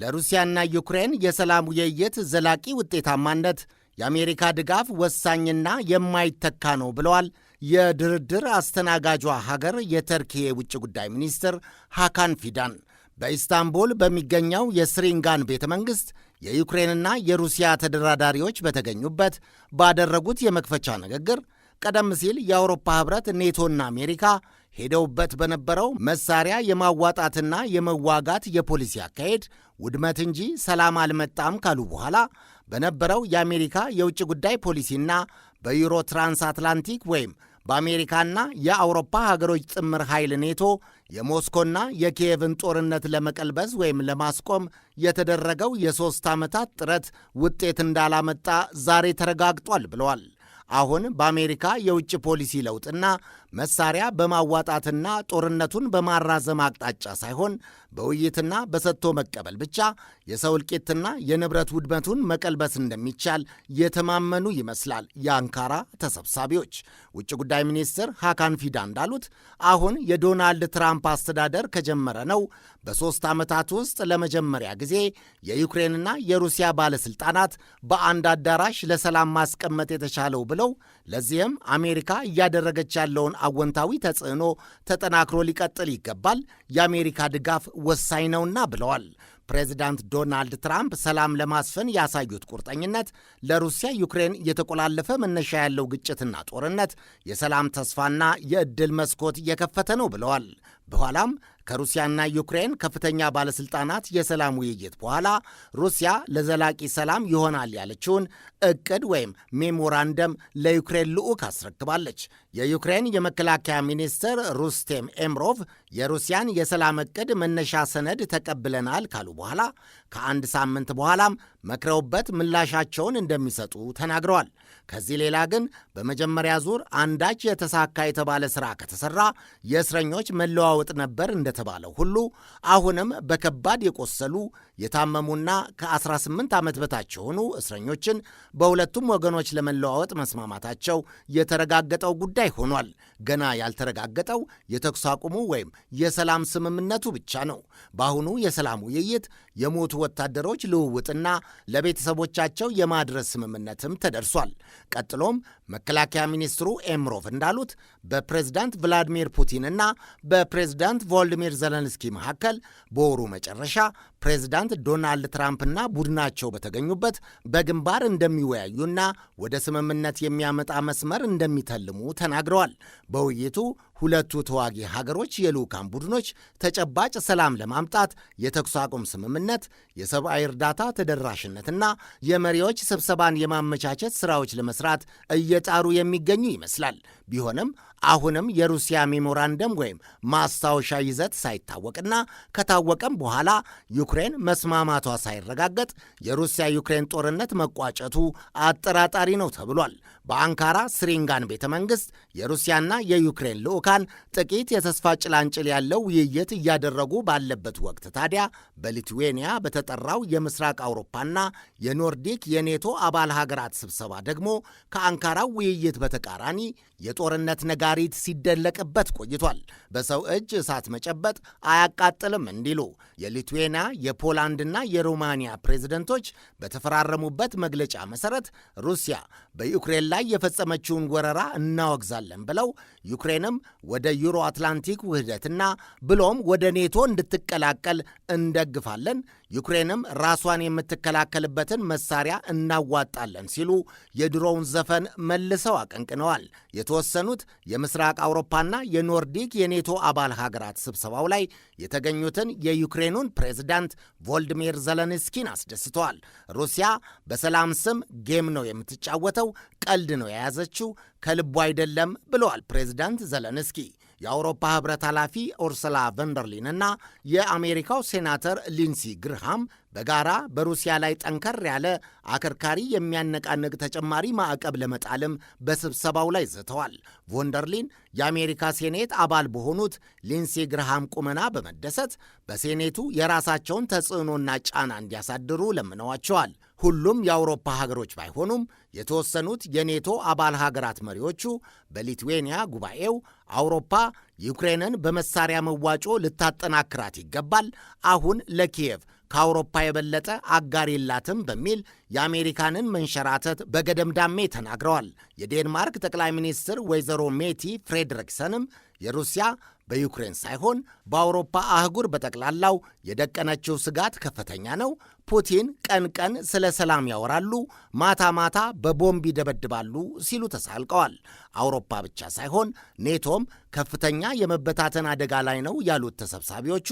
ለሩሲያና ዩክሬን የሰላም ውይይት ዘላቂ ውጤታማነት የአሜሪካ ድጋፍ ወሳኝና የማይተካ ነው ብለዋል የድርድር አስተናጋጇ ሀገር የተርኪ የውጭ ጉዳይ ሚኒስትር ሃካን ፊዳን በኢስታንቡል በሚገኘው የስሪንጋን ቤተ መንግሥት የዩክሬንና የሩሲያ ተደራዳሪዎች በተገኙበት ባደረጉት የመክፈቻ ንግግር ቀደም ሲል የአውሮፓ ኅብረት፣ ኔቶና አሜሪካ ሄደውበት በነበረው መሳሪያ የማዋጣትና የመዋጋት የፖሊሲ አካሄድ ውድመት እንጂ ሰላም አልመጣም ካሉ በኋላ በነበረው የአሜሪካ የውጭ ጉዳይ ፖሊሲና በዩሮ አትላንቲክ ወይም በአሜሪካና የአውሮፓ ሀገሮች ጥምር ኃይል ኔቶ የሞስኮና የኪየቭን ጦርነት ለመቀልበስ ወይም ለማስቆም የተደረገው የሦስት ዓመታት ጥረት ውጤት እንዳላመጣ ዛሬ ተረጋግጧል ብለዋል። አሁን በአሜሪካ የውጭ ፖሊሲ ለውጥና መሳሪያ በማዋጣትና ጦርነቱን በማራዘም አቅጣጫ ሳይሆን በውይይትና በሰጥቶ መቀበል ብቻ የሰው እልቂትና የንብረት ውድመቱን መቀልበስ እንደሚቻል የተማመኑ ይመስላል የአንካራ ተሰብሳቢዎች። ውጭ ጉዳይ ሚኒስትር ሃካን ፊዳ እንዳሉት አሁን የዶናልድ ትራምፕ አስተዳደር ከጀመረ ነው በሦስት ዓመታት ውስጥ ለመጀመሪያ ጊዜ የዩክሬንና የሩሲያ ባለሥልጣናት በአንድ አዳራሽ ለሰላም ማስቀመጥ የተቻለው ብለው ለዚህም አሜሪካ እያደረገች ያለውን አወንታዊ ተጽዕኖ ተጠናክሮ ሊቀጥል ይገባል፣ የአሜሪካ ድጋፍ ወሳኝ ነውና ብለዋል። ፕሬዚዳንት ዶናልድ ትራምፕ ሰላም ለማስፈን ያሳዩት ቁርጠኝነት ለሩሲያ ዩክሬን የተቆላለፈ መነሻ ያለው ግጭትና ጦርነት የሰላም ተስፋና የዕድል መስኮት እየከፈተ ነው ብለዋል። በኋላም ከሩሲያና ዩክሬን ከፍተኛ ባለሥልጣናት የሰላም ውይይት በኋላ ሩሲያ ለዘላቂ ሰላም ይሆናል ያለችውን እቅድ ወይም ሜሞራንደም ለዩክሬን ልዑክ አስረክባለች። የዩክሬን የመከላከያ ሚኒስትር ሩስቴም ኤምሮቭ የሩሲያን የሰላም እቅድ መነሻ ሰነድ ተቀብለናል ካሉ በኋላ ከአንድ ሳምንት በኋላም መክረውበት ምላሻቸውን እንደሚሰጡ ተናግረዋል። ከዚህ ሌላ ግን በመጀመሪያ ዙር አንዳች የተሳካ የተባለ ስራ ከተሰራ የእስረኞች መለዋወጥ ነበር እንደተባለው ሁሉ አሁንም በከባድ የቆሰሉ የታመሙና ከ18 ዓመት በታች የሆኑ እስረኞችን በሁለቱም ወገኖች ለመለዋወጥ መስማማታቸው የተረጋገጠው ጉዳይ ሆኗል። ገና ያልተረጋገጠው የተኩስ አቁሙ ወይም የሰላም ስምምነቱ ብቻ ነው። በአሁኑ የሰላም ውይይት የሞቱ ወታደሮች ልውውጥና ለቤተሰቦቻቸው የማድረስ ስምምነትም ተደርሷል። ቀጥሎም መከላከያ ሚኒስትሩ ኤምሮቭ እንዳሉት በፕሬዝዳንት ቭላዲሚር ፑቲን እና በፕሬዝዳንት ቮልዲሚር ዘለንስኪ መካከል በወሩ መጨረሻ ፕሬዝዳንት ዶናልድ ትራምፕና ቡድናቸው በተገኙበት በግንባር እንደሚወያዩና ወደ ስምምነት የሚያመጣ መስመር እንደሚተልሙ ተናግረዋል። በውይይቱ ሁለቱ ተዋጊ ሀገሮች የልዑካን ቡድኖች ተጨባጭ ሰላም ለማምጣት የተኩስ አቁም ስምምነት፣ የሰብአዊ እርዳታ ተደራሽነትና የመሪዎች ስብሰባን የማመቻቸት ስራዎች ለመስራት እየ እየጣሩ የሚገኙ ይመስላል። ቢሆንም አሁንም የሩሲያ ሜሞራንደም ወይም ማስታወሻ ይዘት ሳይታወቅና ከታወቀም በኋላ ዩክሬን መስማማቷ ሳይረጋገጥ የሩሲያ ዩክሬን ጦርነት መቋጨቱ አጠራጣሪ ነው ተብሏል። በአንካራ ስሪንጋን ቤተ መንግስት የሩሲያና የዩክሬን ልዑካን ጥቂት የተስፋ ጭላንጭል ያለው ውይይት እያደረጉ ባለበት ወቅት ታዲያ በሊትዌኒያ በተጠራው የምስራቅ አውሮፓና የኖርዲክ የኔቶ አባል ሀገራት ስብሰባ ደግሞ ከአንካራው ውይይት በተቃራኒ የጦርነት ነጋ ነጋሪት ሲደለቅበት ቆይቷል። በሰው እጅ እሳት መጨበጥ አያቃጥልም እንዲሉ የሊትዌና የፖላንድና የሮማንያ ፕሬዝደንቶች በተፈራረሙበት መግለጫ መሰረት ሩሲያ በዩክሬን ላይ የፈጸመችውን ወረራ እናወግዛለን ብለው ዩክሬንም ወደ ዩሮ አትላንቲክ ውህደትና ብሎም ወደ ኔቶ እንድትቀላቀል እንደግፋለን፣ ዩክሬንም ራሷን የምትከላከልበትን መሳሪያ እናዋጣለን ሲሉ የድሮውን ዘፈን መልሰው አቀንቅነዋል። የተወሰኑት የ የምስራቅ አውሮፓና የኖርዲክ የኔቶ አባል ሀገራት ስብሰባው ላይ የተገኙትን የዩክሬኑን ፕሬዝዳንት ቮልዲሚር ዘለንስኪን አስደስተዋል። ሩሲያ በሰላም ስም ጌም ነው የምትጫወተው፣ ቀልድ ነው የያዘችው፣ ከልቡ አይደለም ብለዋል ፕሬዝዳንት ዘለንስኪ። የአውሮፓ ህብረት ኃላፊ ኡርሱላ ቨንደርሊን እና የአሜሪካው ሴናተር ሊንሲ ግርሃም በጋራ በሩሲያ ላይ ጠንከር ያለ አከርካሪ የሚያነቃንቅ ተጨማሪ ማዕቀብ ለመጣልም በስብሰባው ላይ ዝተዋል። ቮንደርሊን የአሜሪካ ሴኔት አባል በሆኑት ሊንሴ ግርሃም ቁመና በመደሰት በሴኔቱ የራሳቸውን ተጽዕኖና ጫና እንዲያሳድሩ ለምነዋቸዋል። ሁሉም የአውሮፓ ሀገሮች ባይሆኑም የተወሰኑት የኔቶ አባል ሀገራት መሪዎቹ በሊትዌንያ ጉባኤው አውሮፓ ዩክሬንን በመሳሪያ መዋጮ ልታጠናክራት ይገባል፣ አሁን ለኪየቭ ከአውሮፓ የበለጠ አጋር የላትም በሚል የአሜሪካንን መንሸራተት በገደምዳሜ ተናግረዋል። የዴንማርክ ጠቅላይ ሚኒስትር ወይዘሮ ሜቲ ፍሬድሪክሰንም የሩሲያ በዩክሬን ሳይሆን በአውሮፓ አህጉር በጠቅላላው የደቀነችው ስጋት ከፍተኛ ነው። ፑቲን ቀን ቀን ስለ ሰላም ያወራሉ፣ ማታ ማታ በቦምብ ይደበድባሉ ሲሉ ተሳልቀዋል። አውሮፓ ብቻ ሳይሆን ኔቶም ከፍተኛ የመበታተን አደጋ ላይ ነው ያሉት ተሰብሳቢዎቹ፣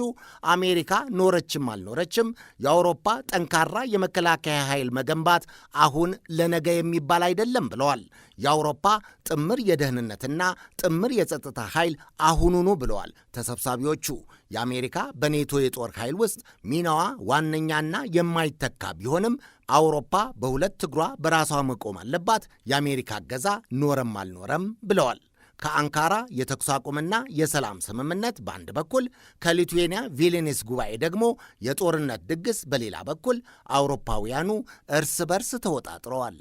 አሜሪካ ኖረችም አልኖረችም የአውሮፓ ጠንካራ የመከላከያ ኃይል መገንባት አሁን ለነገ የሚባል አይደለም ብለዋል። የአውሮፓ ጥምር የደህንነትና ጥምር የጸጥታ ኃይል አሁኑኑ ብለዋል ተሰብሳቢዎቹ። የአሜሪካ በኔቶ የጦር ኃይል ውስጥ ሚናዋ ዋነኛና የማይተካ ቢሆንም አውሮፓ በሁለት እግሯ በራሷ መቆም አለባት፣ የአሜሪካ እገዛ ኖረም አልኖረም ብለዋል። ከአንካራ የተኩስ አቁምና የሰላም ስምምነት በአንድ በኩል ከሊቱዌንያ ቪሊኒስ ጉባኤ ደግሞ የጦርነት ድግስ በሌላ በኩል አውሮፓውያኑ እርስ በርስ ተወጣጥረዋል።